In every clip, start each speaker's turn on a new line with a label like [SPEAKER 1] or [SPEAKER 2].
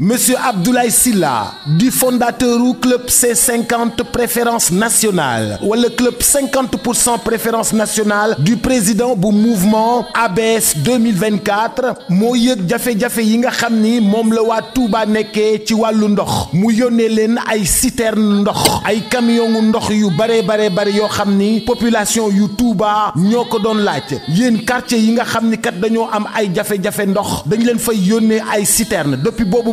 [SPEAKER 1] Monsieur Abdoulaye Sylla di fondateur u club C50 préférence nationale wala club 50 pour cent préférence nationale du président bu mouvement ABS 2024 moo yëg jafe-jafe yi nga xam ni moom la waa Touba nekkee ci wàllu ndox mu yónnee leen ay citerne ndox ay camion ndox yu bare bare bare yoo xam ni population yu Touba ñoo ko doon laaj yéen quartier yi nga xam ni kat dañoo am ay jafe-jafe ndox dañu leen fay yónnee ay citerne depuis boobu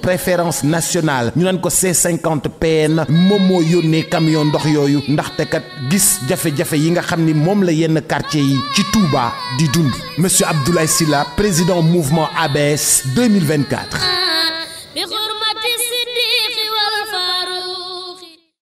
[SPEAKER 1] préférence nationale ñu naan ko C50PN moom moo yónnee camion ndox yooyu ndaxte kat gis jafe-jafe yi nga xam ni moom la yenn quartier yi ci Touba di dund monsieur Abdoulaye Sylla président mouvement ABS 2024